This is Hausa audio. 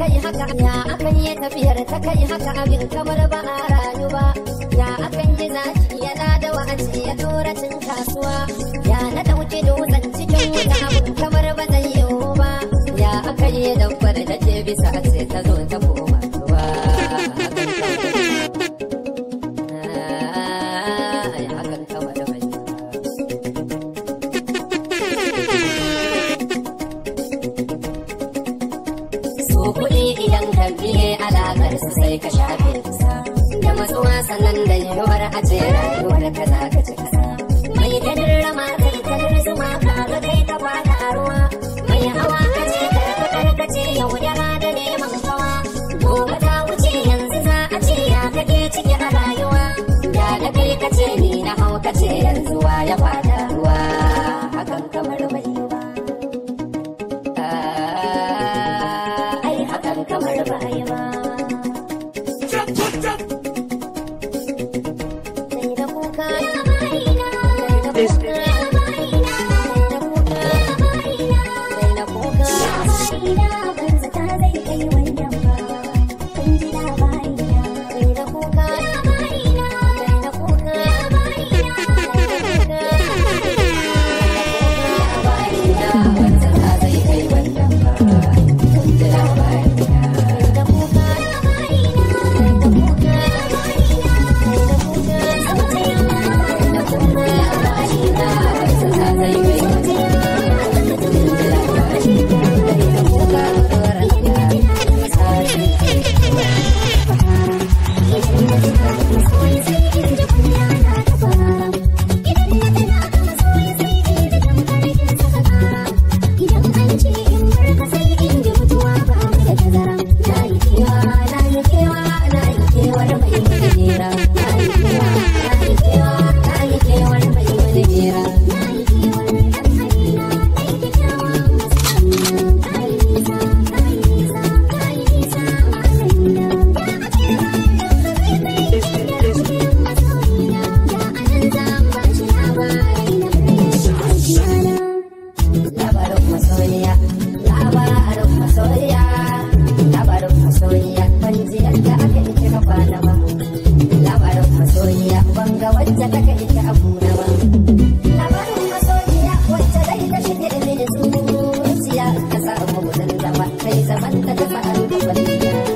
akai haka ya akan yi tafiyar ta kai haka abin kamar ba a rayu ba ya akan gina shi ya da wa'azi ya tura cin kasuwa ya na dauki dutsen cikin wuta abin kamar ba zai yiwu ba ya akan yi dabbar da ke bisa ce ta zo ta ko kuɗi idan ka biye alaƙar su sai ka shafe kusa da matsuwa sannan da yiwuwar a rayuwar ka za ka ci kasa mai gadin rama kai kadar zuma ka ga kai ta fada a ruwa mai hawa ka ce karfi karkace yau yara Gracias para